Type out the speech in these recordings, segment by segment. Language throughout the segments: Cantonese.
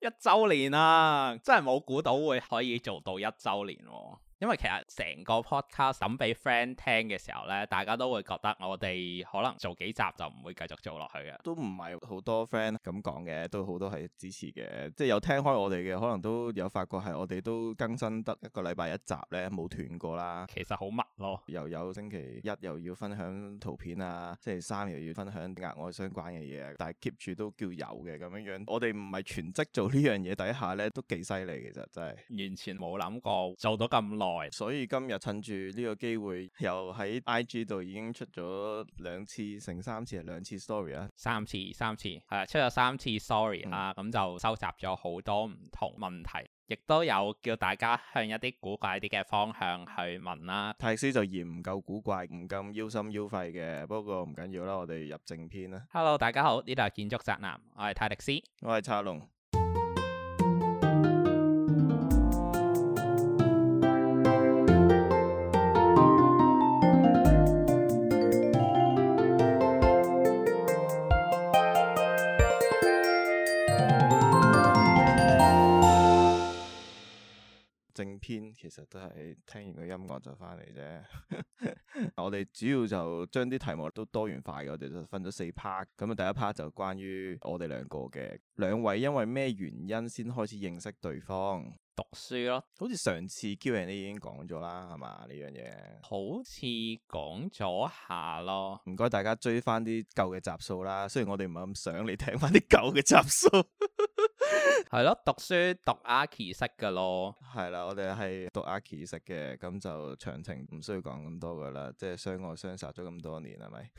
一周年啊！真係冇估到會可以做到一周年喎、哦。因為其實成個 podcast 審俾 friend 聽嘅時候咧，大家都會覺得我哋可能做幾集就唔會繼續做落去嘅。都唔係好多 friend 咁講嘅，都好多係支持嘅，即係有聽開我哋嘅，可能都有發覺係我哋都更新得一個禮拜一集咧，冇斷過啦。其實好密咯，又有星期一又要分享圖片啊，星期三又要分享額外相關嘅嘢啊，但係 keep 住都叫有嘅咁樣樣。我哋唔係全職做呢樣嘢底下咧，都幾犀利，其實真係。完全冇諗過做到咁耐。所以今日趁住呢個機會，又喺 IG 度已經出咗兩次，成三次係兩次 story 啦。三次，三次，係啊，出咗三次 story 啦，咁、嗯、就收集咗好多唔同問題，亦都有叫大家向一啲古怪啲嘅方向去問啦。泰斯就嫌唔夠古怪，唔咁腰心腰肺嘅，不過唔緊要啦，我哋入正篇啦。Hello，大家好，呢度係建築宅男，我係泰迪斯，我係查龍。天其實都係聽完個音樂就翻嚟啫。我哋主要就將啲題目都多元化嘅，我哋就分咗四 part。咁啊，第一 part 就關於我哋兩個嘅兩位，因為咩原因先開始認識對方？讀書咯，好似上次 Q&A 你已經講咗啦，係嘛呢樣嘢？好似講咗下咯。唔該大家追翻啲舊嘅集數啦。雖然我哋唔係咁想你聽翻啲舊嘅集數。 係咯，讀書讀阿奇識噶咯。係啦，我哋係讀阿奇識嘅，咁就長情唔需要講咁多噶啦，即係相愛相殺咗咁多年係咪？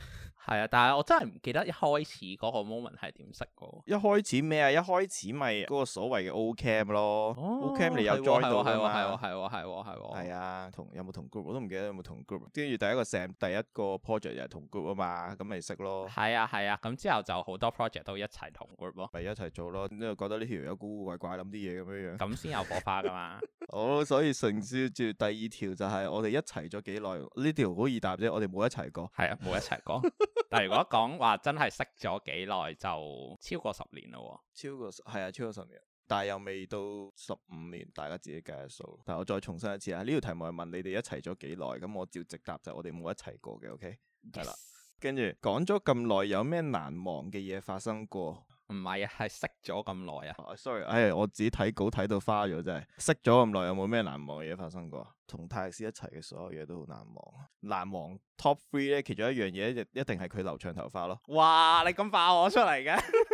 係啊，但係我真係唔記得一開始嗰個 moment 係點識個。一開始咩啊？一開始咪嗰個所謂嘅 Ocam 咯，Ocam 你有再 o i n 到嘛？係係係係係係啊，同有冇同 group？我都唔記得有冇同 group。跟住第一個 s e n 第一個 project 又係同 group 啊嘛，咁咪識咯。係啊係啊，咁之後就好多 project 都一齊同 group 咯，咪一齊做咯。咁又覺得呢條古、哦、怪怪，諗啲嘢咁樣樣，咁先有火花噶嘛？好， oh, 所以承接住第二條就係我哋一齊咗幾耐，呢條好易答啫，我哋冇一齊過，係啊，冇一齊過。 但如果講話真係識咗幾耐就超過十年咯，超過係啊，超過十年，但係又未到十五年，大家自己計下數。但係我再重申一次啊，呢條題目係問你哋一齊咗幾耐，咁我照直答就我哋冇一齊過嘅，OK？係啦， 跟住講咗咁耐，有咩難忘嘅嘢發生過？唔係啊，係識咗咁耐啊。Oh, sorry，哎，我自己睇稿睇到花咗真係。識咗咁耐，有冇咩難忘嘅嘢發生過？同泰斯一齊嘅所有嘢都好難忘。難忘 top three 咧，其中一樣嘢一定係佢留長頭髮咯。哇，你咁爆我出嚟嘅？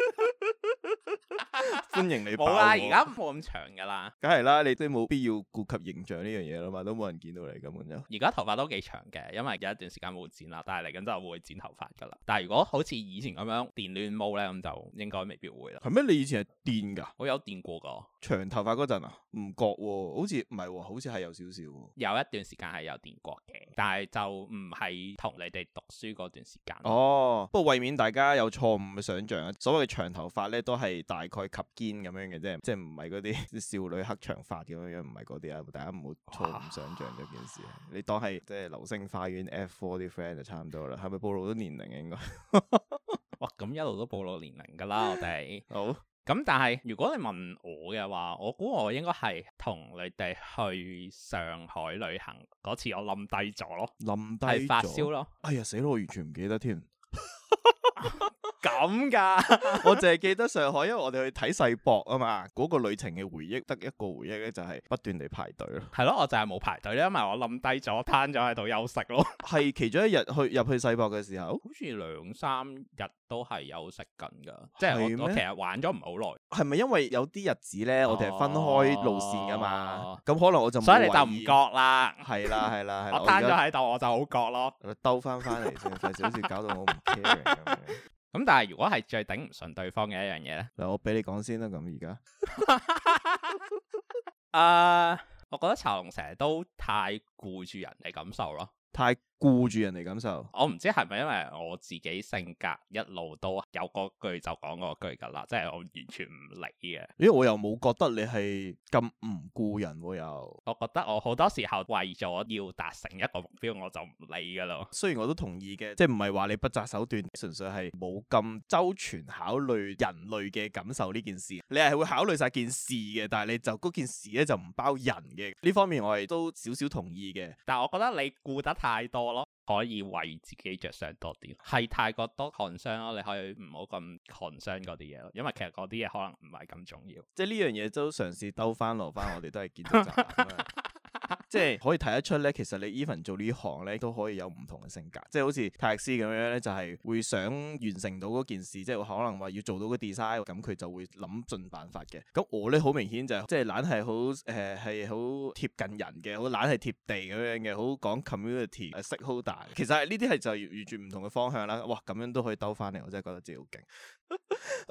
歡迎你。冇啦，而家冇咁長噶啦。梗係啦，你都冇必要顧及形象呢樣嘢啦嘛，都冇人見到你根本就。而家頭髮都幾長嘅，因為有一段時間冇剪啦，但係嚟緊就會剪頭髮噶啦。但係如果好似以前咁樣電亂毛咧，咁就應該未必會啦。係咩？你以前係電㗎？我有電過㗎，長頭髮嗰陣啊，唔覺喎、哦，好似唔係喎，好似係有少少。有一段時間係有電過嘅，但係就唔係同你哋讀書嗰段時間。哦，不過為免大家有錯誤嘅想像啊，所謂嘅長頭髮咧，都係大概及咁樣嘅，啫，即係唔係嗰啲少女黑長髮咁樣樣，唔係嗰啲啊！大家唔好錯誤想象呢件事，哇你當係即係流星花園 F four 啲 friend 就差唔多啦。係咪暴露咗年齡啊？應 該哇，咁一路都暴露年齡噶啦，我哋 好。咁但係如果你問我嘅話，我估我應該係同你哋去上海旅行嗰次我，我冧低咗咯，冧低咗係發燒咯。哎呀，死咯！我完全唔記得添。 咁噶，我淨係記得上海，因為我哋去睇世博啊嘛，嗰個旅程嘅回憶得一個回憶咧，就係不斷地排隊咯。係咯，我就係冇排隊，因為我冧低咗，攤咗喺度休息咯。係其中一日去入去世博嘅時候，好似兩三日都係休息緊噶，即係其實玩咗唔係好耐。係咪因為有啲日子咧，我哋係分開路線噶嘛？咁可能我就所以你就唔覺啦，係啦，係啦，係啦。我攤咗喺度，我就好覺咯。兜翻翻嚟先，費事好似搞到我唔 care 咁但係如果係最頂唔順對方嘅一樣嘢咧，嗱，我俾你講先啦。咁而家，誒，我覺得茶龍成日都太顧住人哋感受咯，太。顧住人哋感受，我唔知係咪因為我自己性格一路都有嗰句就講嗰句噶啦，即係我完全唔理嘅。咦，我又冇覺得你係咁唔顧人又。我覺得我好多時候為咗要達成一個目標，我就唔理噶咯。雖然我都同意嘅，即係唔係話你不擇手段，純粹係冇咁周全考慮人類嘅感受呢件事。你係會考慮晒件事嘅，但係你就嗰件事咧就唔包人嘅呢方面，我亦都少少同意嘅。但係我覺得你顧得太多。可以為自己着想多啲，係太過多 concern 咯，你可以唔好咁 concern 嗰啲嘢咯，因為其實嗰啲嘢可能唔係咁重要，即係呢樣嘢都嘗試兜翻路翻，我哋都係建到集即係可以睇得出咧，其實你 Even 做呢行咧都可以有唔同嘅性格，即係好似泰斯咁樣咧，就係會想完成到嗰件事，即係可能話要做到個 design，咁佢就會諗盡辦法嘅。咁我咧好明顯就係即係懶係好誒係好貼近人嘅，好懶係貼地咁樣嘅，好講 community，係識好大。其實係呢啲係就完全唔同嘅方向啦。哇，咁樣都可以兜翻嚟，我真係覺得自己好勁。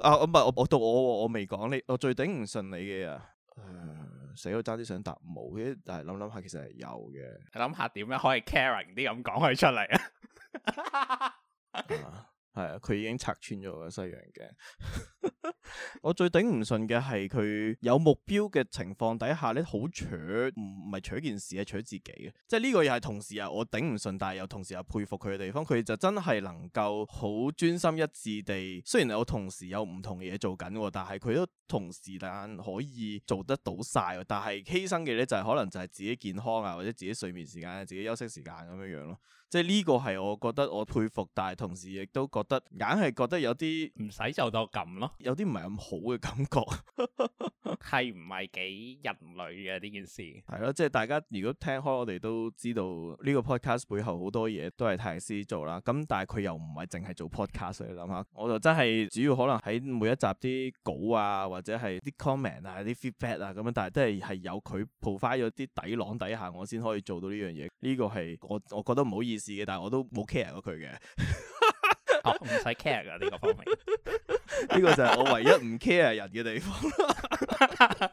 啊，唔係我我讀我我，我未講你，我最頂唔順你嘅啊！成日都爭啲想答冇，嘅。但係諗諗下其實係有嘅。諗下點樣可以 caring 啲咁講佢出嚟 啊？係啊，佢已經拆穿咗我個西洋鏡。 我最頂唔順嘅係佢有目標嘅情況底下咧，好取唔唔係取件事啊，係取自己嘅。即係呢個又係同時啊，我頂唔順，但係又同時又佩服佢嘅地方，佢就真係能夠好專心一致地，雖然有同時有唔同嘅嘢做緊，但係佢都同時但可以做得到晒。但係犧牲嘅咧就係、是、可能就係自己健康啊，或者自己睡眠時間、自己休息時間咁樣樣咯。即係呢個係我覺得我佩服，但係同時亦都覺得硬係覺得有啲唔使就到咁咯，有啲唔係咁好嘅感覺，係唔係幾人類嘅呢件事？係咯，即係大家如果聽開我哋都知道呢個 podcast 背後好多嘢都係泰斯做啦。咁但係佢又唔係淨係做 podcast 嚟諗嚇。嗯，我就真係主要可能喺每一集啲稿啊，或者係啲 comment 啊、啲 feedback 啊咁樣，但係都係係有佢 provide 咗啲底囊底下，我先可以做到呢樣嘢。呢個係我我覺得唔好意思。嘅，但係我都冇 care 過佢嘅，我唔使 care 㗎呢個方面，呢個就係我唯一唔 care 人嘅地方啦。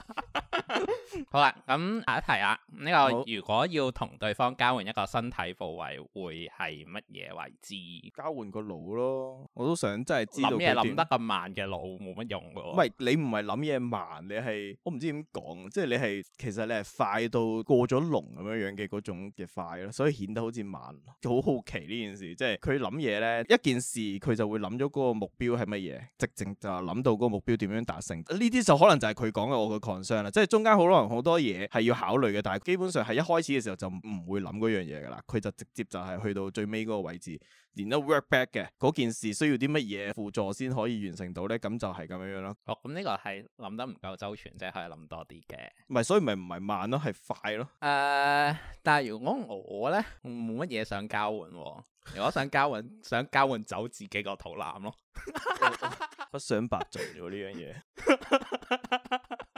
好啦、啊，咁、嗯、下一題啊，呢、這個好如果要同對方交換一個身體部位，會係乜嘢位置？交換個腦咯，我都想真係知道。諗嘢諗得咁慢嘅腦冇乜用噶、啊。唔係你唔係諗嘢慢，你係我唔知點講，即係你係其實你係快到過咗龍咁樣樣嘅嗰種嘅快咯，所以顯得好似慢。好好奇呢件事，即係佢諗嘢咧，一件事佢就會諗咗個目標係乜嘢，直情就諗到嗰個目標點樣達成。呢啲就可能就係佢講嘅我嘅 concern 啦，即係中間好耐。好多嘢係要考慮嘅，但係基本上係一開始嘅時候就唔會諗嗰樣嘢噶啦，佢就直接就係去到最尾嗰個位置，然後 work back 嘅嗰件事需要啲乜嘢輔助先可以完成到咧，咁就係咁樣樣咯。哦，咁、嗯、呢、這個係諗得唔夠周全啫，可以諗多啲嘅。唔係，所以咪唔係慢咯，係快咯。誒，uh, 但係如果我咧冇乜嘢想交換，哦，如果想交換， 想交換走自己個肚腩咯， 不想白做咗呢樣嘢。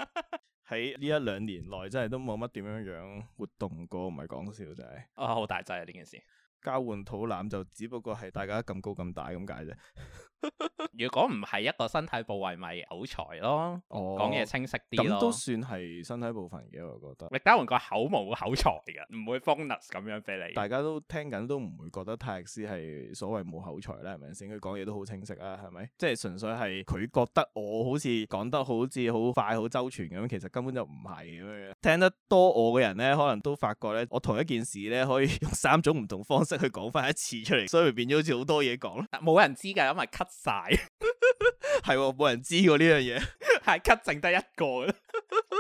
喺呢一兩年內真係都冇乜點樣樣活動過，唔係講笑就係。啊、哦，好大劑啊呢件事！交換肚腩就只不過係大家咁高咁大咁解啫。 如果唔係一個身體部位咪、就是、口才咯，講嘢、哦、清晰啲咯，咁都算係身體部分嘅，我覺得。力嘉宏個口冇口才嘅，唔會 bonus 咁樣俾你。大家都聽緊都唔會覺得泰斯係所謂冇口才啦，係咪先？佢講嘢都好清晰啦，係咪？即、就、係、是、純粹係佢覺得我好似講得好似好快好周全咁樣，其實根本就唔係咁樣。聽得多我嘅人咧，可能都發覺咧，我同一件事咧可以用三種唔同方式去講翻一次出嚟，所以變咗好似好多嘢講，冇人知噶，咁咪 cut 晒係喎，冇、 啊、人知過呢樣嘢，係咳 u 淨得一個。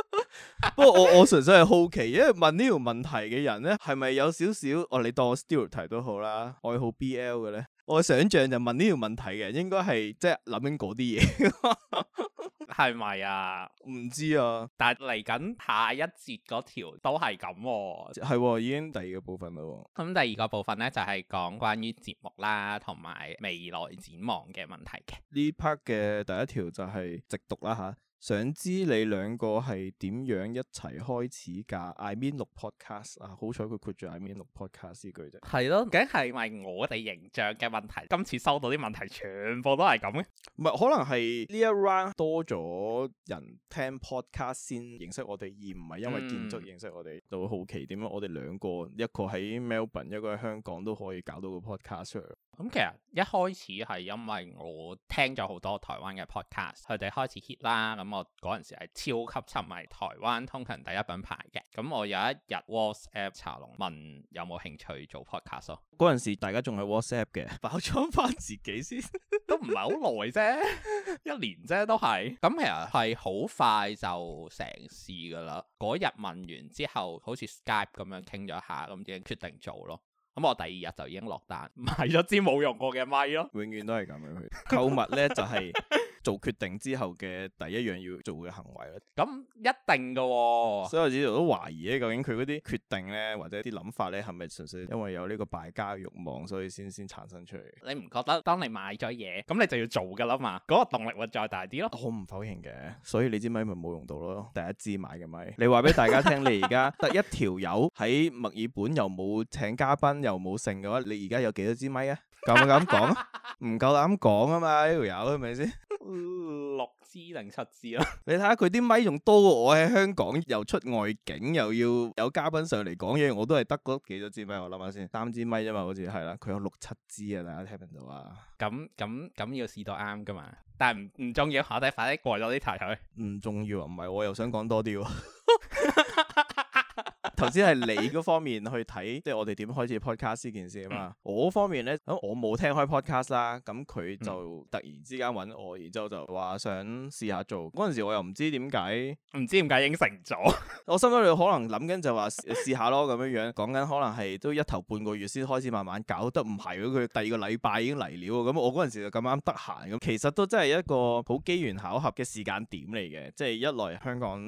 不過我我純粹係好奇，因為問呢條問題嘅人咧，係咪有少少，我、哦、你當我 still 題都好啦，愛好 BL 嘅咧，我想象就問呢條問題嘅，應該係即係諗緊嗰啲嘢。係咪啊？唔知啊，但係嚟緊下一節嗰條都係咁、啊，係已經第二個部分啦。咁、嗯、第二個部分咧就係、是、講關於節目啦，同埋未來展望嘅問題嘅。呢 part 嘅第一條就係直讀啦吓。想知你兩個係點樣一齊開始㗎？I mean 錄 podcast 啊，好彩佢括住 I mean 錄 podcast 呢句啫。係咯，梗係咪我哋形象嘅問題？今次收到啲問題全部都係咁嘅。唔係，可能係呢一 round 多咗人聽 podcast 先認識我哋，而唔係因為建築認識我哋，嗯、就會好奇點樣我哋兩個一個喺 Melbourne，一個喺香港都可以搞到個 podcast 出。咁其實一開始係因為我聽咗好多台灣嘅 podcast，佢哋開始 hit 啦，咁。我嗰陣時係超級沉迷台灣通勤第一品牌嘅，咁我有一日 WhatsApp 查龍問有冇興趣做 Podcast 咯。嗰時大家仲係 WhatsApp 嘅，包裝返自己先， 都唔係好耐啫，一年啫都係。咁其實係好快就成事噶啦。嗰日問完之後，好似 Skype 咁樣傾咗下，咁就決定做咯。咁我第二日就已經落單買咗支冇用過嘅咪咯。永遠都係咁樣去， 購物咧就係。 做決定之後嘅第一樣要做嘅行為咯，咁一定㗎喎、哦。所以我自己都懷疑咧，究竟佢嗰啲決定咧，或者啲諗法咧，係咪純粹因為有呢個敗家慾望，所以先先產生出嚟？你唔覺得？當你買咗嘢，咁你就要做㗎喇嘛，嗰、那個動力會再大啲咯。我唔否認嘅，所以你支咪咪冇用到咯。第一支買嘅咪，你話俾大家聽， 你而家得一條友喺墨爾本，又冇請嘉賓，又冇剩嘅話，你而家有幾多支咪啊？夠唔夠膽講啊？唔夠膽講啊嘛，呢條友係咪先？是六支定七支啦，G, G, 你睇下佢啲咪仲多過我。喺香港又出外景又要有嘉賓上嚟講嘢，我都係得嗰幾多支咪，我諗下先，三支咪啫嘛，好似係啦，佢有六七支啊，大家聽唔聽到啊？咁咁咁要試到啱噶嘛？但係唔唔重要，下都快啲過咗啲題去。唔重要啊？唔係我又想講多啲喎、啊。 頭先係你嗰方面去睇， 即係我哋點開始 podcast 呢件事啊嘛。嗯、我方面咧，咁我冇聽開 podcast 啦。咁佢就突然之間揾我，然之後就話想試下做。嗰陣時我又唔知點解，唔知點解應承咗。 我心裏可能諗緊就話試下咯咁樣樣，講緊可能係都一頭半個月先開始慢慢搞得，唔係佢第二個禮拜已經嚟了。咁我嗰陣時就咁啱得閒咁，其實都真係一個好機緣巧合嘅時間點嚟嘅，即係一來香港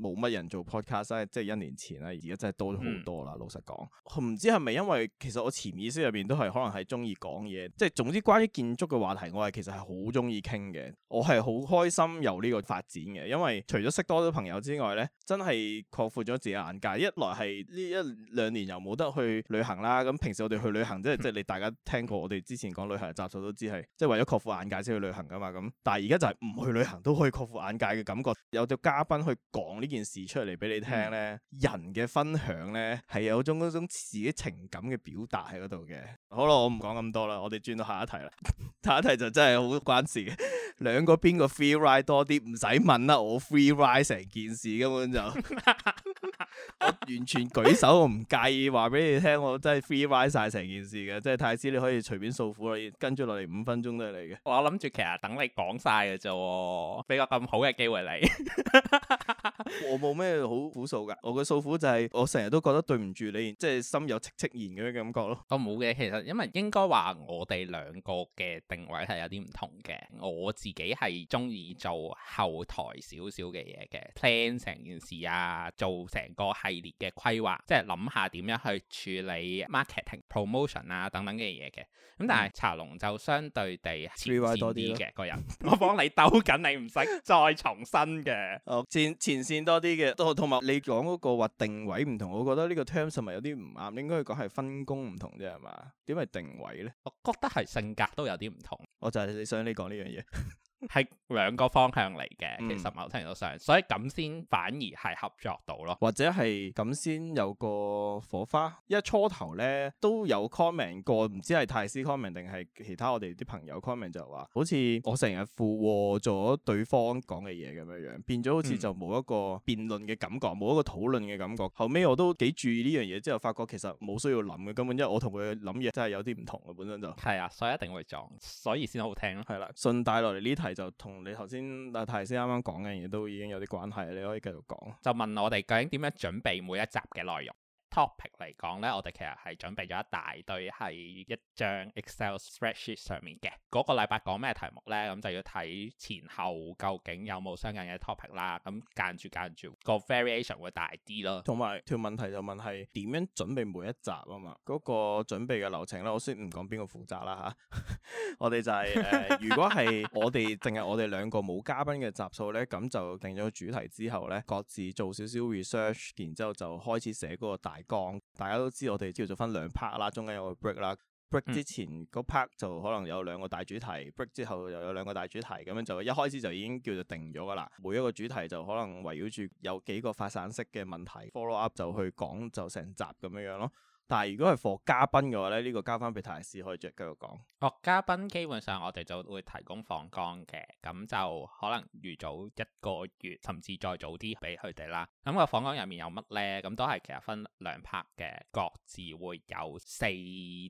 冇乜人做 podcast 即係一年前啦，而家。真係多咗好多啦！老實講，唔知係咪因為其實我潛意識入邊都係可能係中意講嘢，即係總之關於建築嘅話題，我係其實係好中意傾嘅。我係好開心有呢個發展嘅，因為除咗識多咗朋友之外咧，真係擴闊咗自己眼界。一來係呢一兩年又冇得去旅行啦，咁平時我哋去旅行，即係即係你大家聽過我哋之前講旅行集數都知係即係為咗擴闊眼界先去旅行噶嘛。咁但係而家就係唔去旅行都可以擴闊眼界嘅感覺，有咗嘉賓去講呢件事出嚟俾你聽咧，嗯、人嘅分。分享咧係有種嗰種自己情感嘅表達喺嗰度嘅。好啦，我唔講咁多啦，我哋轉到下一題啦。 下一題就真係好關事嘅，兩 個邊個 free ride 多啲？唔使問啦，我 free ride 成件事根本就。 我完全舉手，我唔介意話俾你聽，我真係 free ride 晒成件事嘅，即係太師你可以隨便訴苦，你跟住落嚟五分鐘都係你嘅。我諗住其實等你講晒嘅啫，俾個咁好嘅機會你。 我冇咩好訴苦噶，我嘅訴苦就係我成日都覺得對唔住你，即係心有戚戚然咁嘅感覺咯。我冇嘅，其實因為應該話我哋兩個嘅定位係有啲唔同嘅，我自己係中意做後台少少嘅嘢嘅，plan 成件事啊，做成。個系列嘅規劃，即係諗下點樣去處理 marketing Prom、啊、promotion 啊等等嘅嘢嘅。咁、嗯嗯、但係茶龍就相對地前線多啲嘅個人。我幫你兜緊， 你唔使再重新嘅。哦，前前線多啲嘅，都同埋你講嗰個話定位唔同。我覺得呢個 terms 係咪有啲唔啱？應該講係分工唔同啫，係嘛？點係定位咧？我覺得係性格都有啲唔同。我就係想你講呢樣嘢。係。 兩個方向嚟嘅，其實某程度上，嗯、所以咁先反而係合作到咯，或者係咁先有個火花。因為初頭咧都有 comment 過，唔知係泰斯 comment 定係其他我哋啲朋友 comment 就話，好似我成日附和咗對方講嘅嘢咁樣樣，變咗好似就冇一個辯論嘅感覺，冇、嗯、一個討論嘅感覺。後尾我都幾注意呢樣嘢，之後發覺其實冇需要諗嘅根本，因為我同佢諗嘢真係有啲唔同嘅本身就係啊，所以一定會撞，所以先好聽咯、啊。係啦，順帶落嚟呢題就同你頭先頭先啱啱講嘅嘢都已經有啲關係，你可以繼續講。就問我哋究竟點樣準備每一集嘅內容？topic 嚟講咧，我哋其實係準備咗一大堆，係一張 Excel spreadsheet 上面嘅。嗰個禮拜講咩題目咧，咁就要睇前後究竟有冇相近嘅 topic 啦。咁間住間住個 variation 會大啲咯。同埋條問題就問係點樣準備每一集啊嘛？嗰、嗰個準備嘅流程咧，我先唔講邊個負責啦嚇。啊、 我哋就係、是、誒，呃、 如果係我哋淨係我哋兩個冇嘉賓嘅集數咧，咁就定咗主題之後咧，各自做少少 research，然之後就開始寫嗰個大。講大家都知，我哋叫做分兩 part 啦，中間有個 break 啦，break 之前個 part 就可能有兩個大主題，break 之後又有兩個大主題，咁樣就一開始就已經叫做定咗㗎啦。每一個主題就可能圍繞住有幾個發散式嘅問題，follow up 就去講就成集咁樣樣咯。但係如果係 for 嘉賓嘅話咧，呢、這個交返俾大師可以再繼續講。for、哦、嘉賓基本上我哋就會提供訪綱嘅，咁就可能預早一個月，甚至再早啲俾佢哋啦。咁、那個訪綱入面有乜咧？咁都係其實分兩 part 嘅，各自會有四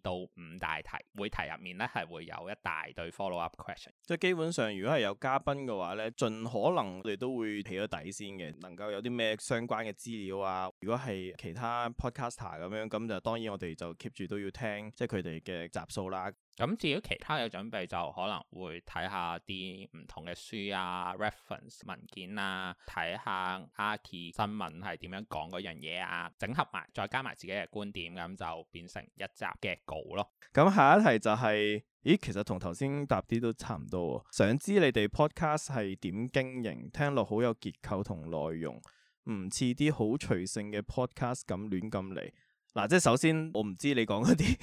到五大題，每題入面咧係會有一大堆 follow up question。即係基本上如果係有嘉賓嘅話咧，盡可能我哋都會起咗底先嘅，能夠有啲咩相關嘅資料啊。如果係其他 podcaster 咁樣，咁就。當然，我哋就 keep 住都要聽，即係佢哋嘅集數啦。咁至於其他嘅準備，就可能會睇下啲唔同嘅書啊、reference 文件啊，睇下 Arky 新聞係點樣講嗰樣嘢啊，整合埋，再加埋自己嘅觀點，咁就變成一集嘅稿咯。咁下一題就係、是，咦，其實同頭先答啲都差唔多喎。想知你哋 podcast 係點經營，聽落好有結構同內容，唔似啲好隨性嘅 podcast 咁亂咁嚟。嗱，即係首先，我唔知你講嗰啲。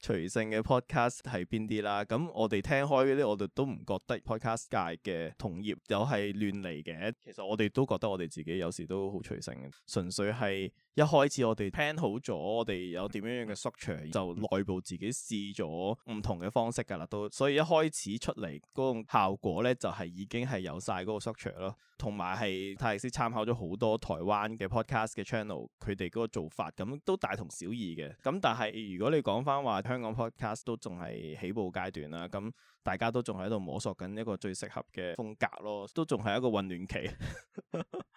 隨性嘅 podcast 係邊啲啦，咁我哋聽開嗰啲，我哋都唔覺得 podcast 界嘅同業有係亂嚟嘅。其實我哋都覺得我哋自己有時都好隨性嘅，純粹係一開始我哋 plan 好咗，我哋有點樣樣嘅 structure，就內部自己試咗唔同嘅方式噶啦，都所以一開始出嚟嗰個效果咧，就係已經係有晒嗰個 structure 咯，同埋係泰力斯參考咗好多台灣嘅 podcast 嘅 channel，佢哋嗰個做法咁都大同小異嘅。咁但係如果你講翻。話香港 podcast 都仲係起步階段啦，咁大家都仲喺度摸索緊一個最適合嘅風格咯，都仲係一個混亂期。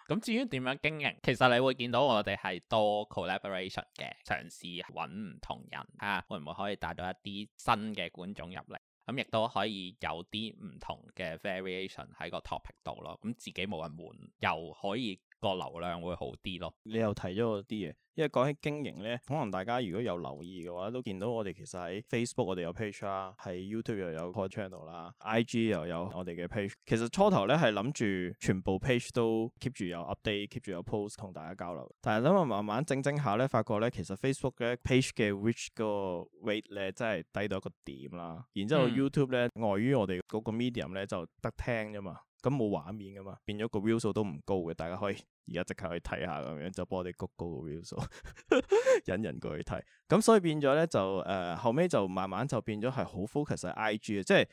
咁 至於點樣經營，其實你會見到我哋係多 collaboration 嘅，嘗試揾唔同人啊，會唔會可以帶到一啲新嘅觀眾入嚟？咁亦都可以有啲唔同嘅 variation 喺個 topic 度咯。咁自己冇人換又可以個流量會好啲咯。你又睇咗啲嘢，因為講起經營咧，可能大家如果有留意嘅話，都見到我哋其實喺 Facebook 我哋有 page 啦，喺 YouTube 又有個 channel 啦，IG 又有我哋嘅 page。其實初頭咧係諗住全部 page 都 keep 住有 update，keep 住有 post 同大家交流。但係諗下慢慢整整下咧，發覺咧其實 Facebook 嘅 page 嘅 reach 個 rate 咧真係低到一個點啦。然之後 YouTube 咧，礙於、嗯、我哋嗰個 medium 咧就得聽啫嘛，咁冇畫面噶嘛，變咗個 view 數都唔高嘅，大家可以，而家即刻去睇下咁樣，就幫我哋谷高個 view 數， 引人過去睇，咁所以變咗咧就誒、呃、後尾就慢慢就變咗係好 focus I G 啊，即係。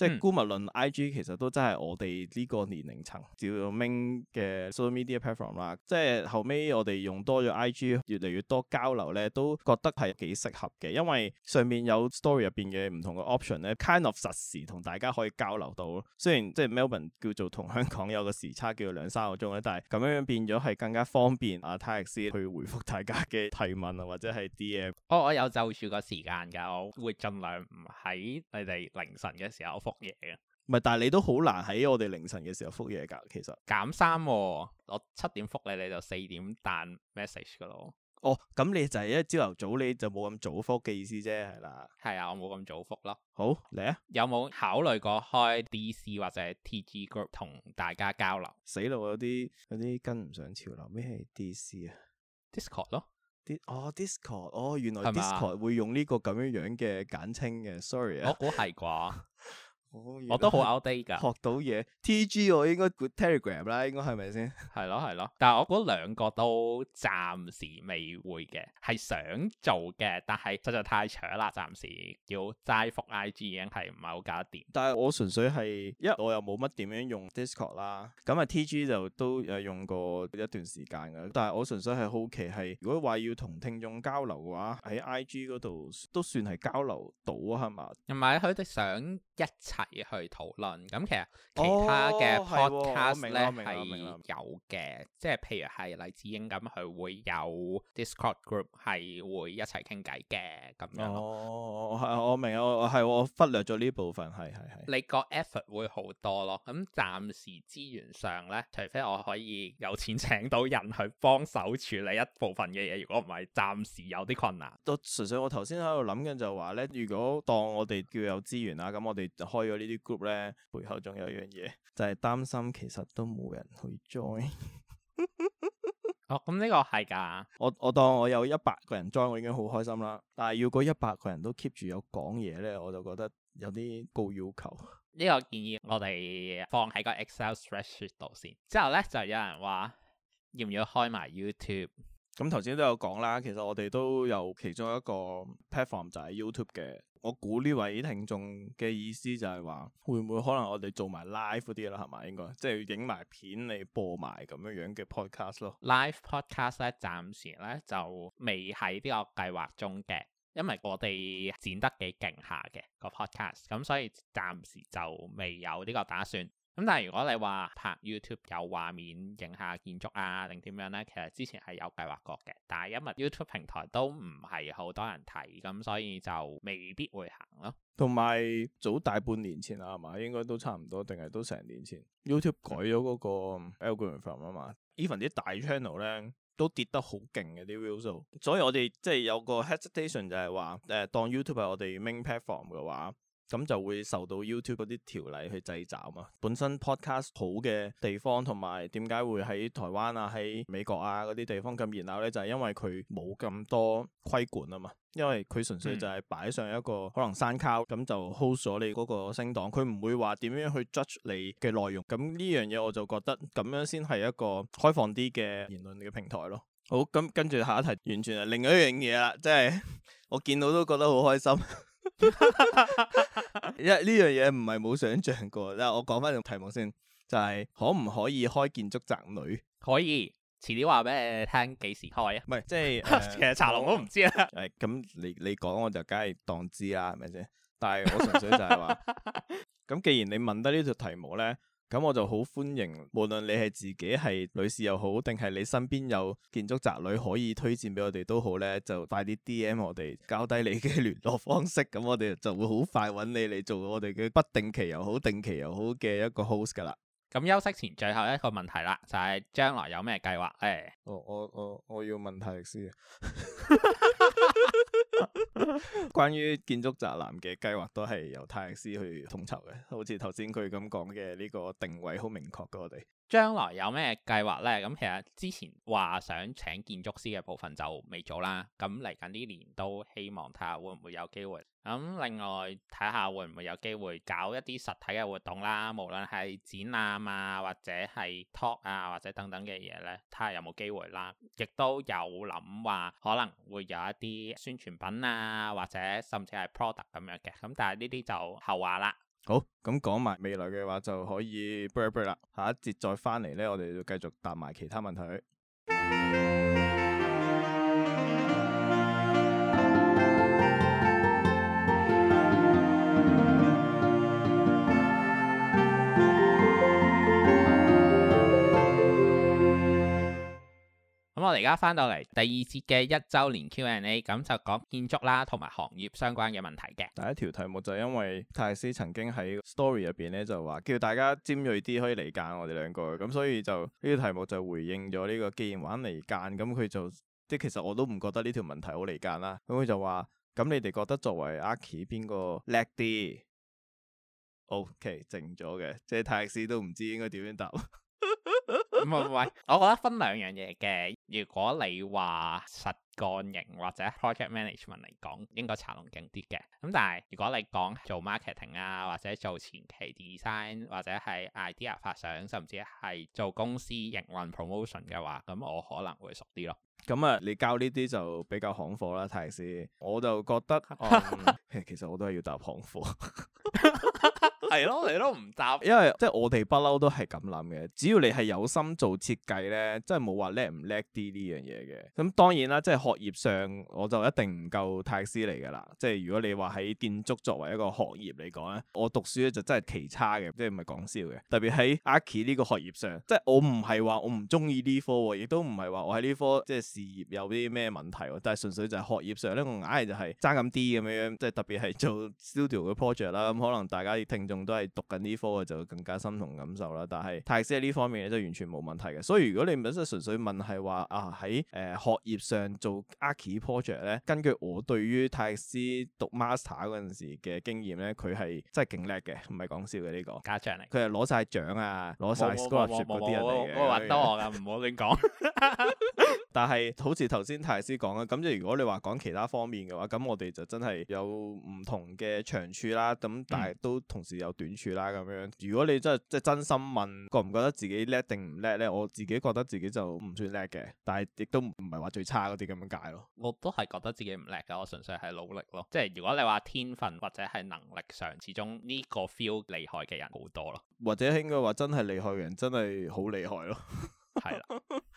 嗯、即係姑勿論 I.G 其實都真係我哋呢個年齡層叫 main 嘅 social media platform 啦。即係後尾我哋用多咗 I.G，越嚟越多交流咧，都覺得係幾適合嘅，因為上面有 story 入邊嘅唔同嘅 option 咧，kind of 實時同大家可以交流到咯。雖然即係 Melbourne 叫做同香港有個時差，叫做兩三個鐘咧，但係咁樣樣變咗係更加方便啊 Tayex 去回覆大家嘅提問啊，或者係 D.M。我、哦、我有就住個時間㗎，我會盡量唔喺你哋凌晨嘅時候。嘢嘅，唔係，但係你都好難喺我哋凌晨嘅時候覆嘢噶，其實減三，哦，我七點覆你，你就四點彈 message 噶咯。哦，咁你就係一朝頭早你就冇咁早覆嘅意思啫，係啦。係啊，我冇咁早覆咯。好，嚟啊！有冇考慮過開 DC 或者 TG Group 同大家交流？死咯，我有啲有啲跟唔上潮流咩？係 DC 啊，Discord 咯，哦 Discord 哦，原來 Discord 吧會用呢個咁樣樣嘅簡稱嘅，sorry 啊，我估係啩。我都好 outdate 噶，哦、學到嘢。T G 我應該叫 Telegram 啦，應該係咪先？係咯係咯，但係我嗰兩個都暫時未會嘅，係想做嘅，但係實在太長啦，暫時叫「齋覆」I G 已經係唔係好搞得掂。但係我純粹係，因為我又冇乜點樣用 Discord 啦，咁啊 T G 就都誒用過一段時間嘅，但係我純粹係好奇係，如果話要同聽眾交流嘅話，喺 I G 度都算係交流到啊，係嘛？同埋佢哋想一齊，去討論，咁，其實其他嘅 podcast 咧係有嘅，即係譬如係黎智英咁，佢會有 Discord group 係會一齊傾偈嘅咁樣。哦，係我明啊，我係我忽略咗呢部分，係系係你個 effort 會好多咯。咁暫時資源上咧，除非我可以有錢請到人去幫手處理一部分嘅嘢，如果唔係暫時有啲困難，都純粹我頭先喺度諗緊就話咧，如果當我哋叫有資源啊，咁我哋就可有呢啲 group 咧，背後仲有一樣嘢，就係、是、擔心其實都冇人去 join。 哦，咁、嗯、呢、這個係噶，我我當我有一百個人 join，我已經好開心啦。但係要嗰一百個人都 keep 住有講嘢咧，我就覺得有啲高要求。呢個建議我哋放喺個 Excel spreadsheet 度先。之後咧就有人話要唔要開埋 YouTube？咁頭先都、嗯、有講啦，其實我哋都有其中一個 platform 就喺 YouTube 嘅。我估呢位聽眾嘅意思就係話，會唔會可能我哋做埋 live 啲啦，係咪應該即係要影埋片嚟播埋咁樣樣嘅 podcast 咯。live podcast 咧，暫時咧就未喺呢個計劃中嘅，因為我哋剪得幾勁下嘅個 podcast，咁所以暫時就未有呢個打算。咁但係如果你話拍 YouTube 有畫面影下建築啊定點樣咧，其實之前係有計劃過嘅，但係因為 YouTube 平台都唔係好多人睇，咁所以就未必會行咯。同埋早大半年前啊、嗯、嘛，應該都差唔多，定係都成年前 YouTube 改咗嗰個 algorithm 啊嘛，even 啲大 channel 咧都跌得好勁嘅啲 views，所以我哋即係有個 hesitation 就係、呃、話，誒當 YouTube 係我哋 main platform 嘅話。咁就會受到 YouTube 嗰啲條例去制裁啊！本身 Podcast 好嘅地方同埋點解會喺台灣啊、喺美國啊嗰啲地方咁熱鬧呢，就係、是、因為佢冇咁多規管啊嘛。因為佢純粹就係擺上一個、嗯、可能山卡咁就 hold 咗你嗰個聲檔，佢唔會話點樣去 judge 你嘅內容。咁呢樣嘢我就覺得咁樣先係一個開放啲嘅言論嘅平台咯。好，咁跟住下一題，完全係另一樣嘢啦，即係我見到都覺得好開心。一呢樣嘢唔係冇想象過，但係我講翻條題目先，就係、是、可唔可以開建築宅女？可以，遲啲話俾你聽幾時開啊？唔係，即、就、係、是 uh, 其實茶龍我都唔知啊。誒 咁、 嗯、你你講我就梗係當知啦，係咪先？但係我純粹就係、是、話，咁 既然你問得呢條題目咧。咁我就好歡迎，無論你係自己係女士又好，定係你身邊有建築宅女可以推薦俾我哋都好，呢就快啲 DM 我哋，交低你嘅聯絡方式，咁我哋就會好快揾你嚟做我哋嘅不定期又好、定期又好嘅一個 host 噶啦。咁休息前最後一個問題啦，就係將來有咩計劃誒？我我我我要問泰斯。 關於建築宅男嘅計劃都係由泰斯去統籌嘅，好似頭先佢咁講嘅，呢個定位好明確嘅我哋。將來有咩計劃呢？咁其實之前話想請建築師嘅部分就未做啦。咁嚟緊呢年都希望睇下會唔會有機會。咁另外睇下會唔會有機會搞一啲實體嘅活動啦，無論係展覽啊嘛，或者係 talk 啊，或者等等嘅嘢，呢，睇下有冇機會啦。亦都有諗話可能會有一啲宣傳品啊，或者甚至係 product 咁樣嘅。咁但係呢啲就後話啦。好，咁講埋未來嘅話就可以 break break 啦。下一節再翻嚟咧，我哋要繼續答埋其他問題。 咁我哋而家翻到嚟第二節嘅一周年 Q&A，咁就講建築啦，同埋行業相關嘅問題嘅。第一條題目就因為泰斯曾經喺 story 入邊咧，就話叫大家尖銳啲可以嚟間我哋兩個，咁所以就呢條、這個、題目就回應咗呢個。既然玩嚟間，咁佢就即其實我都唔覺得呢條問題好嚟間啦。咁佢就話：咁你哋覺得作為阿 k e 邊個叻啲？OK，正咗嘅，即係泰斯都唔知應該點樣答。唔係唔係，我覺得分兩樣嘢嘅。如果你話實幹型或者 project management 嚟講，應該查龍勁啲嘅。咁但係如果你講做 marketing 啊，或者做前期 design，或者係 idea 發想，甚至係做公司營運 promotion 嘅話，咁我可能會熟啲咯。咁啊、嗯，你教呢啲就比較行貨啦，泰師。我就覺得，嗯、哈哈其實我都係要搭行貨，係咯，你都唔搭，因為即係、就是、我哋不嬲都係咁諗嘅。只要你係有心做設計咧，即係冇話叻唔叻啲呢樣嘢嘅。咁、嗯、當然啦，即、就、係、是、學業上我就一定唔夠泰師嚟噶啦。即、就、係、是、如果你話喺建築作為一個行業嚟講咧，我讀書咧就真係奇差嘅，即係唔係講笑嘅。特別喺 Archi 呢個學業上，即、就、係、是、我唔係話我唔中意呢科，亦都唔係話我喺呢科即係。就是事業有啲咩問題？但係純粹就係學業上咧，我硬係就係爭咁啲咁樣，即係特別係做 studio 嘅 project 啦。咁、嗯、可能大家啲聽眾都係讀緊呢科嘅，就更加心同感受啦。但係泰斯喺呢方面咧，真係完全冇問題嘅。所以如果你唔係即純粹問係話啊喺誒、呃、學業上做 archi project 咧，根據我對於泰斯讀 master 嗰陣時嘅經驗咧，佢係真係勁叻嘅，唔係講笑嘅呢、呢個。家長嚟，佢係攞晒獎啊，攞晒 scholarship 嗰啲人嚟嘅。我揾得我噶，唔好亂講。但係。好似頭先泰師講嘅，咁就如果你話講其他方面嘅話，咁我哋就真係有唔同嘅長處啦，咁但係都同時有短處啦，咁樣。如果你真係即係真心問，覺唔覺得自己叻定唔叻咧？我自己覺得自己就唔算叻嘅，但係亦都唔係話最差嗰啲咁樣解咯。我都係覺得自己唔叻嘅，我純粹係努力咯。即係如果你話天分或者係能力上，始終呢個 feel 厲害嘅人好多咯，或者應該話真係厲害嘅人真係好厲害咯。係啦，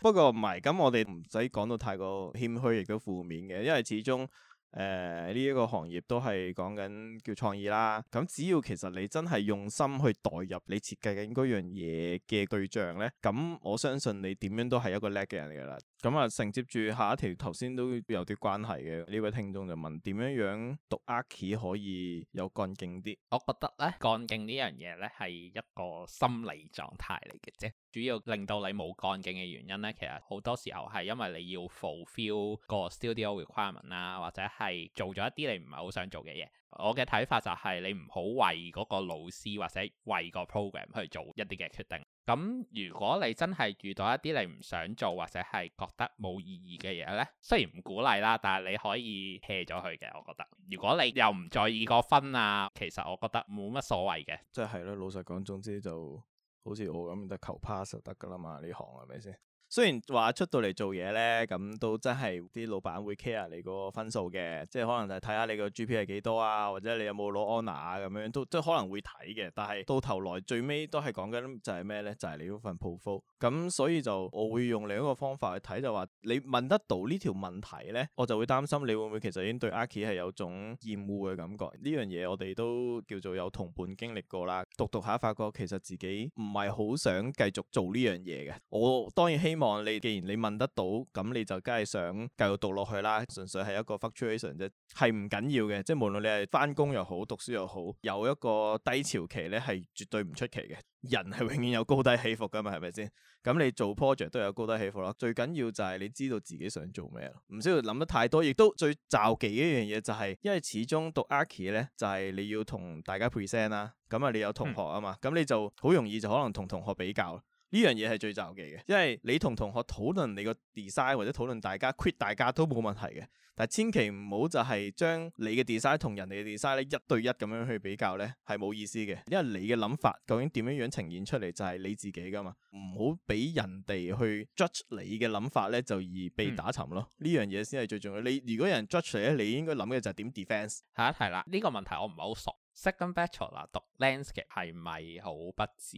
不過唔係，咁我哋唔使講到太過謙虛，亦都負面嘅，因為始終誒呢一個行業都係講緊叫創意啦。咁只要其實你真係用心去代入你設計緊嗰樣嘢嘅對象呢，咁我相信你點樣都係一個叻嘅人嚟嘅啦。咁啊，承接住下一條，頭先都有啲關係嘅，呢位聽眾就問點樣樣讀 Archi 可以有幹勁啲？我覺得咧，幹勁呢樣嘢咧係一個心理狀態嚟嘅啫。主要令到你冇幹勁嘅原因咧，其實好多時候係因為你要 fulfill 個 studio requirement 啦，或者係做咗一啲你唔係好想做嘅嘢。我嘅睇法就係你唔好為嗰個老師或者為個 program 去做一啲嘅決定。咁如果你真係遇到一啲你唔想做或者係覺得冇意義嘅嘢咧，雖然唔鼓勵啦，但係你可以 hea 咗佢嘅。我覺得如果你又唔在意個分啊，其實我覺得冇乜所謂嘅。即係咯，老實講，總之就好似我咁，得求 pass 就得噶啦嘛，呢行係咪先？是。雖然話出到嚟做嘢咧，咁都真係啲老闆會 care 你個分數嘅，即係可能就係睇下你個 GPA 係幾多啊，或者你有冇攞 honour 啊咁樣，都即係可能會睇嘅。但係到頭來最尾都係講緊就係咩咧？就係、是、你嗰份 profile。咁所以就我會用另一個方法去睇，就話你問得到呢條問題咧，我就會擔心你會唔會其實已經對 Aki 係有種厭惡嘅感覺。呢樣嘢我哋都叫做有同伴經歷過啦。讀讀下發覺其實自己唔係好想繼續做呢樣嘢嘅。我當然希望。望你，既然你問得到，咁你就梗係想繼續讀落去啦。純粹係一個 fluctuation 啫，係唔緊要嘅。即係無論你係翻工又好，讀書又好，有一個低潮期咧，係絕對唔出奇嘅。人係永遠有高低起伏噶嘛，係咪先？咁你做 project 都有高低起伏咯。最緊要就係你知道自己想做咩，唔需要諗得太多。亦都最罩忌嘅一樣嘢就係、是，因為始終讀 Archi 咧，就係、是、你要同大家 present 啦。咁啊，你有同學啊嘛，咁、嗯、你就好容易就可能同同學比較。呢樣嘢係最就忌嘅，因為你同同學討論你個 design 或者討論大家 quit 大家都冇問題嘅，但係千祈唔好就係將你嘅 design 同人哋嘅 design 咧一對一咁樣去比較咧，係冇意思嘅，因為你嘅諗法究竟點樣樣呈現出嚟就係你自己噶嘛，唔好俾人哋去 judge 你嘅諗法咧就而被打沉咯，呢樣嘢先係最重要。你如果有人 judge 你，咧，你應該諗嘅就係點 defense 嚇係啦。呢、這個問題我唔係好熟。Second bachelor 嗱讀 landscape 係咪好不智？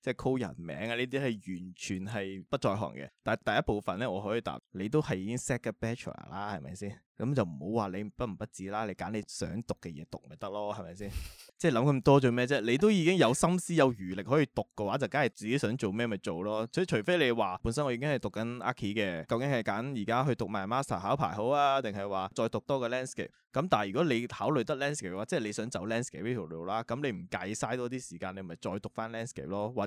即係 call 人名啊！呢啲係完全係不在行嘅。但係第一部分咧，我可以答你都係已經 set 嘅 bachelor 啦，係咪先？咁就唔好話你畢唔畢業啦，你揀你想讀嘅嘢讀咪得咯，係咪先？ 即係諗咁多做咩啫？你都已經有心思有餘力可以讀嘅話，就梗係自己想做咩咪做咯。所以除非你話本身我已經係讀緊 Archi 嘅，究竟係揀而家去讀埋 master 考牌好啊，定係話再讀多個 landscape？咁但係如果你考慮得 landscape 嘅話，即係你想走 landscape 呢條路啦，咁你唔介意嘥多啲時間，你咪再讀翻 landscape 咯，或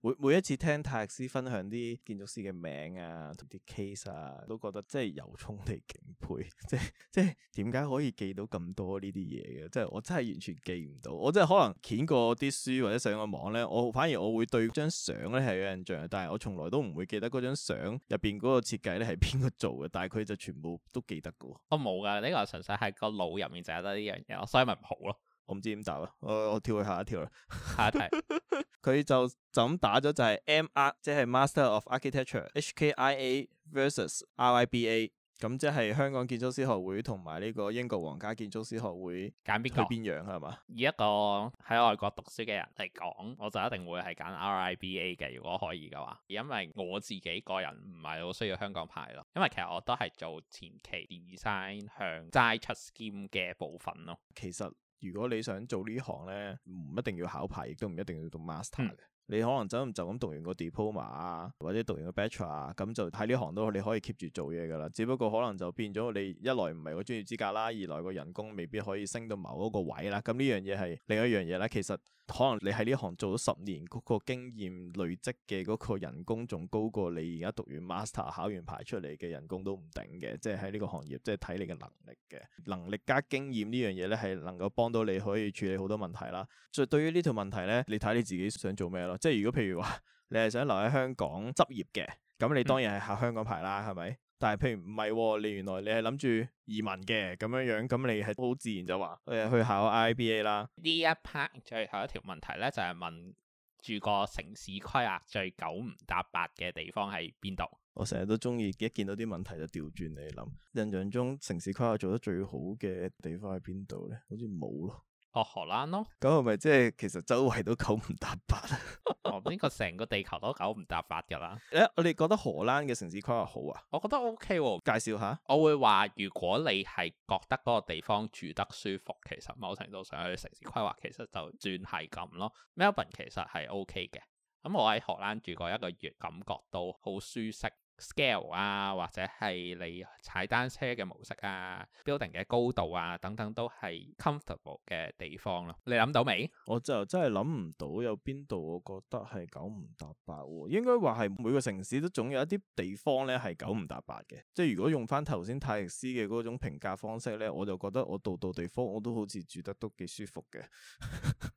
每每一次聽泰克斯分享啲建築師嘅名啊，同啲 case 啊，都覺得即係由衷地敬佩。即係即係點解可以記到咁多呢啲嘢嘅？即係我真係完全記唔到。我真係可能攣過啲書或者上個網咧，我反而我會對張相咧係有印象，但係我從來都唔會記得嗰張相入邊嗰個設計咧係邊個做嘅。但係佢就全部都記得嘅喎。我冇㗎，呢個純粹係個腦入面就有得呢樣嘢我，所以咪唔好咯。我唔知點答啦，我我跳去下一條啦，下一題。佢 就就咁打咗就係 M R，即係 Master of Architecture H K I A versus R I B A，咁即係香港建築師學會同埋呢個英國皇家建築師學會誰。揀邊個？去邊樣係嘛？以一個喺外國讀書嘅人嚟講，我就一定會係揀 R I B A 嘅，如果可以嘅話。因為我自己個人唔係好需要香港牌咯，因為其實我都係做前期 design 向齋出 scheme 嘅部分咯。其實。如果你想做呢行咧，唔一定要考牌，亦都唔一定要讀 master 嘅。嗯、你可能就就咁讀完個 diploma 啊，或者讀完個 bachelor 啊，咁就喺呢行都你可以 keep 住做嘢噶啦。只不過可能就變咗你一來唔係個專業資格啦，二來個人工未必可以升到某一個位啦。咁呢樣嘢係另一樣嘢啦，其實。可能你喺呢行做咗十年嗰、嗰個經驗累積嘅嗰個人工仲高過你而家讀完 Master 考完牌出嚟嘅人工都唔定嘅，即係喺呢個行業，即係睇你嘅能力嘅，能力加經驗呢樣嘢咧係能夠幫到你可以處理好多問題啦。所以對於呢條問題咧，你睇你自己想做咩咯。即係如果譬如話你係想留喺香港執業嘅，咁你當然係考香港牌啦，係咪、嗯？是但係譬如唔係、哦，你原來你係諗住移民嘅咁樣樣，咁你係好自然就話誒去考 IBA 啦。呢一 part 最後一條問題咧，就係、是、問住個城市規劃、啊、最九唔搭八嘅地方喺邊度？我成日都中意一見到啲問題就調轉嚟諗，印象中城市規劃、啊、做得最好嘅地方喺邊度咧？好似冇咯。哦，荷蘭咯，咁係咪即係其實周圍都九唔搭八啊？哦，呢個成個地球都九唔搭八噶啦。誒，我哋覺得荷蘭嘅城市規劃好啊？我覺得 OK，介紹下。我會話如果你係覺得嗰個地方住得舒服，其實某程度上去城市規劃其實就算係咁咯。Melbourne 其實係 OK 嘅，咁我喺荷蘭住過一個月，感覺到好舒適。scale 啊，或者係你踩單車嘅模式啊，building 嘅高度啊，等等都係 comfortable 嘅地方咯。你諗到未？我就真係諗唔到有邊度，我覺得係九唔搭八喎、啊。應該話係每個城市都總有一啲地方咧係九唔搭八嘅。即係如果用返頭先泰迪斯嘅嗰種評價方式咧，我就覺得我度度地方我都好似住得都幾舒服嘅。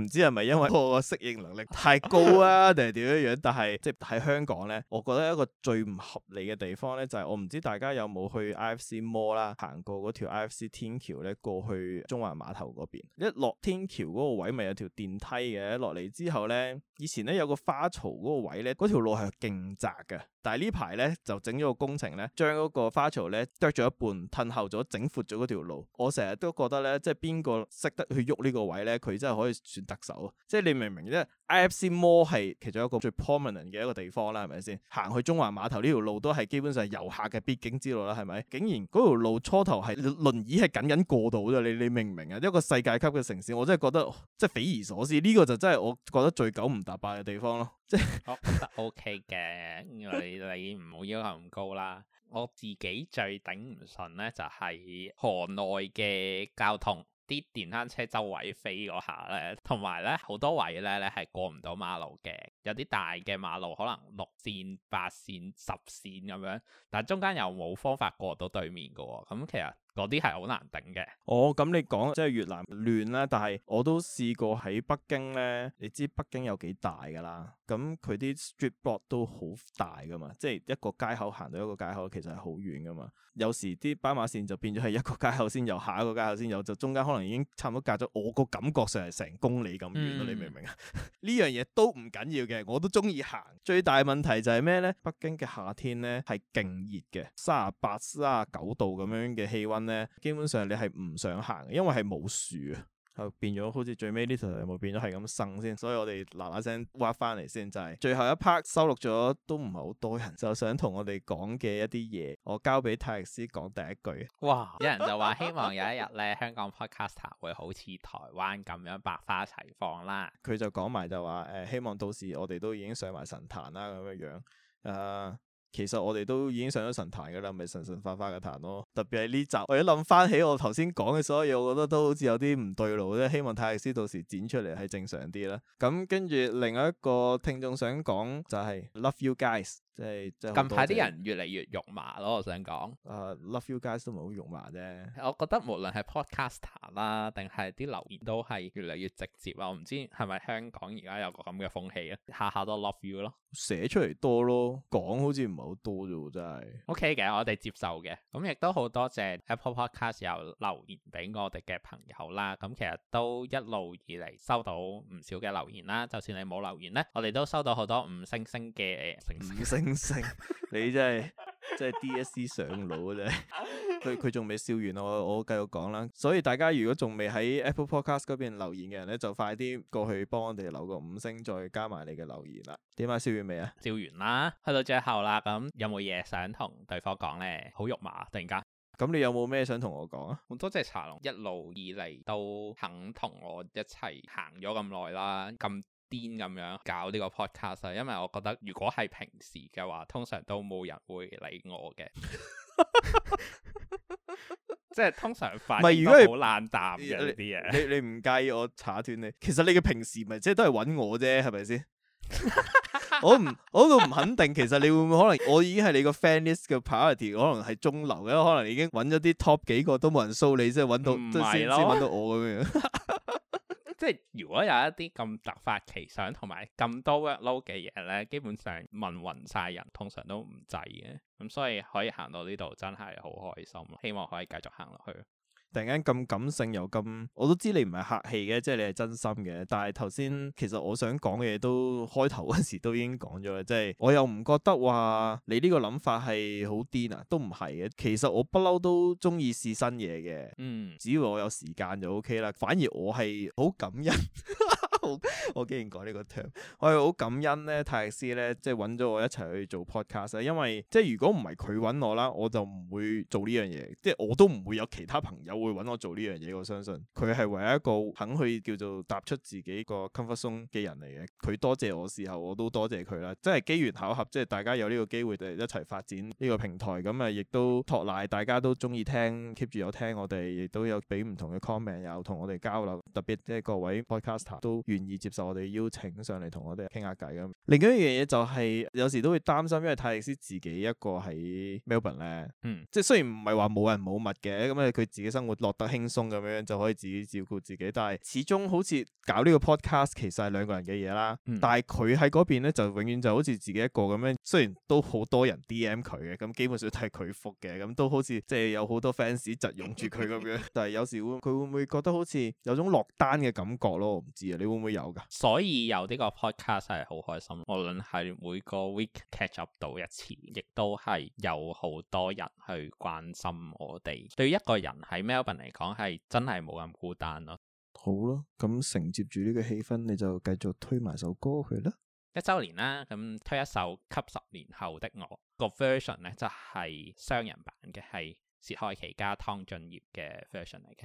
唔知係咪因為我個適應能力太高啊，定係點樣樣？但係即係喺香港咧，我覺得一個最唔合理嘅地方咧，就係我唔知大家有冇去 IFC Mall 啦，行過嗰條 IFC 天橋咧，過去中環碼頭嗰邊。一落天橋嗰個位，咪有條電梯嘅。落嚟之後咧，以前咧有個花槽嗰個位咧，嗰條路係勁窄嘅。但係呢排咧就整咗個工程咧，將嗰個花槽咧剁咗一半，褪後咗，整闊咗嗰條路。我成日都覺得咧，即係邊個識得去喐呢個位咧，佢真係可以選特首。即係你明唔明？即係 IFC Mall 係其中一個最 prominent 嘅一個地方啦，係咪先？行去中環碼頭呢條路都係基本上遊客嘅必經之路啦，係咪？竟然嗰條路初頭係輪椅係僅僅過到啫，你你明唔明啊？一個世界級嘅城市，我真係覺得、呃、即係匪夷所思。呢、這個就真係我覺得最九唔搭八嘅地方咯。 我覺得 OK 嘅，你你唔好要求咁高啦。我自己最頂唔順咧，就係、是、河內嘅交通，啲電單車周圍飛嗰下咧，同埋咧好多位咧，咧係過唔到馬路嘅。有啲大嘅馬路可能六線、八線、十線咁樣，但係中間又冇方法過到對面㗎。咁其實。嗰啲係好難頂嘅。哦，咁你講即係越南亂啦、啊，但係我都試過喺北京咧。你知北京有幾大噶啦？咁佢啲 street block 都好大噶嘛，即係一個街口行到一個街口，其實係好遠噶嘛。有時啲斑馬線就變咗係一個街口先有，下一個街口先有，就中間可能已經差唔多隔咗。我個感覺上係成公里咁遠咯、啊，嗯、你明唔明啊？呢樣嘢都唔緊要嘅，我都中意行。最大問題就係咩咧？北京嘅夏天咧係勁熱嘅，三啊八、三啊九度咁樣嘅氣温。基本上你係唔想行，因為係冇樹啊，變咗好似最尾呢條有冇變咗係咁生先，所以我哋嗱嗱聲挖翻嚟先，就係、是、最後一 part 收錄咗都唔係好多人，就想同我哋講嘅一啲嘢，我交俾泰力斯講第一句。哇！有人就話希望有一日咧， 香港 podcaster 會好似台灣咁樣百花齊放啦。佢就講埋就話誒、呃，希望到時我哋都已經上埋神壇啦咁樣樣。誒、呃。其實我哋都已經上咗神壇噶啦，咪神神化化嘅壇咯。特別係呢集，我一諗翻起我頭先講嘅所有嘢，我覺得都好似有啲唔對路，即係希望泰力斯到時剪出嚟係正常啲啦。咁跟住另外一個聽眾想講就係 Love you guys。即係近排啲人越嚟越肉麻咯，我想講，誒、uh，love you guys 都唔係好肉麻啫。我覺得無論係 podcaster 啦，定係啲留言都係越嚟越直接啊。我唔知係咪香港而家有個咁嘅風氣咧、啊，下下都 love you 咯，寫出嚟多咯，講好似唔係好多啫，真係。OK 嘅，我哋接受嘅，咁亦都好多謝 Apple Podcast 有留言俾我哋嘅朋友啦。咁其實都一路以嚟收到唔少嘅留言啦。就算你冇留言咧，我哋都收到好多五星星嘅誒，四星星 五星， 你真係真係 DSE 上腦啊！真，佢佢仲未笑完，我我繼續講啦。所以大家如果仲未喺 Apple Podcast 嗰邊留言嘅人咧，就快啲過去幫我哋留個五星，再加埋你嘅留言啦。點解笑完未啊？笑完啦，去到最後啦，咁有冇嘢想同對方講咧？好肉麻，突然間。咁你有冇咩想同我講啊？咁多謝茶龍一路以嚟都肯同我一齊行咗咁耐啦，咁。癲咁樣搞呢個 podcast，因為我覺得如果係平時嘅話，通常都冇人會理我嘅， 即係通常快反映都好冷淡嘅呢啲嘢。你你唔介意我查斷你？其實你嘅平時咪即係都係揾我啫，係咪先？我唔，我都唔肯定。其實你會唔會可能 我已經係你個 fan list 嘅 priority？可能係中流嘅，可能已經揾咗啲 top 幾個都冇人 show 你，即係揾到即係先揾到我咁樣。即係如果有一啲咁突發奇想同埋咁多 work load 嘅嘢咧，基本上問暈晒人，通常都唔制嘅。咁所以可以行到呢度真係好開心，希望可以繼續行落去。突然間咁感性又咁，我都知你唔係客氣嘅，即係你係真心嘅。但係頭先其實我想講嘅嘢都開頭嗰時都已經講咗啦，即係我又唔覺得話你呢個諗法係好癲啊，都唔係嘅。其實我不嬲都中意試新嘢嘅，嗯，只要我有時間就 OK 啦。反而我係好感恩。 我竟然講呢個 term，我係好感恩咧，泰斯咧即係揾咗我一齊去做 podcast 因為即係如果唔係佢揾我啦，我就唔會做呢樣嘢，即係我都唔會有其他朋友會揾我做呢樣嘢，我相信佢係唯一一個肯去叫做踏出自己個 comfort zone 嘅人嚟嘅。佢多謝我時候，我都多謝佢啦。即係機緣巧合，即係大家有呢個機會就一齊發展呢個平台，咁啊亦都托賴大家都中意聽，keep 住有聽我哋，亦都有俾唔同嘅 comment 有同我哋交流，特別即係各位 podcaster 都。願意接受我哋邀請上嚟同我哋傾下偈咁。另一樣嘢就係、是、有時都會擔心，因為泰迪斯自己一個喺 Melbourne 咧，嗯，即係雖然唔係話冇人冇物嘅，咁啊佢自己生活落得輕鬆咁樣就可以自己照顧自己，但係始終好似搞呢個 podcast 其實係兩個人嘅嘢啦。嗯、但係佢喺嗰邊咧就永遠就好似自己一個咁樣，雖然都好多人 DM 佢嘅，咁、嗯、基本上都係佢覆嘅，咁、嗯、都好似即係有好多 fans 集擁住佢咁樣。 但係有時會佢會唔會覺得好似有種落單嘅感覺咯？我唔知啊，你會？會有噶，所以有呢個 podcast 係好開心，無論係每個 week catch up 到一次，亦都係有好多人去關心我哋。對於一個人喺 Melbourne 嚟講，係真係冇咁孤單咯。好咯，咁承接住呢個氣氛，你就繼續推埋首歌去啦。一周年啦，咁推一首《給十年後的我》，個 version 咧就係雙人版嘅，係薛凱琪加湯駿業嘅 version 嚟嘅。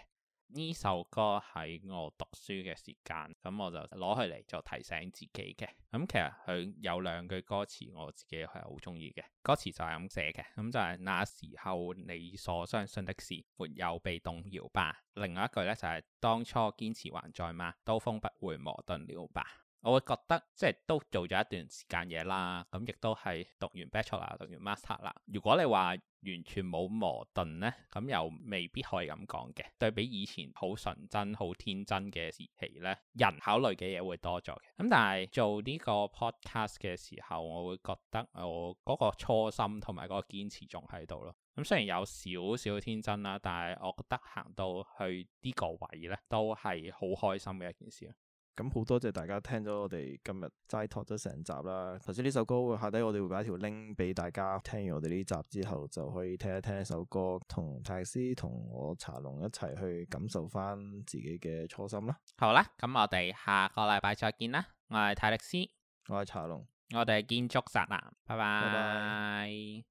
呢首歌喺我讀書嘅時間，咁我就攞佢嚟，就提醒自己嘅。咁其實佢有兩句歌詞我自己係好中意嘅，歌詞就係咁寫嘅，咁就係、是、那時候你所相信的事沒有被動搖吧。另外一句呢、就是，就係當初堅持還在嗎？刀鋒不會磨鈍了吧？我會覺得即係都做咗一段時間嘢啦，咁亦都係讀完 Bachelor 讀完 Master 啦。如果你話，完全冇矛盾呢，咁又未必可以咁講嘅。對比以前好純真、好天真嘅時期呢，人考慮嘅嘢會多咗嘅。咁但係做呢個 Podcast 嘅時候，我會覺得我嗰個初心同埋嗰個堅持仲喺度咯。咁雖然有少少天真啦，但係我覺得行到去呢個位呢，都係好開心嘅一件事。咁好多謝大家聽咗我哋今日齋托咗成集啦。頭先呢首歌會下底我哋會擺條 link 俾大家，聽完我哋呢集之後就可以聽一聽呢首歌，同泰斯同我茶龍一齊去感受翻自己嘅初心啦。好啦，咁我哋下個禮拜再見啦。我係泰力斯，我係茶龍，我哋係建築宅男，拜拜。Bye bye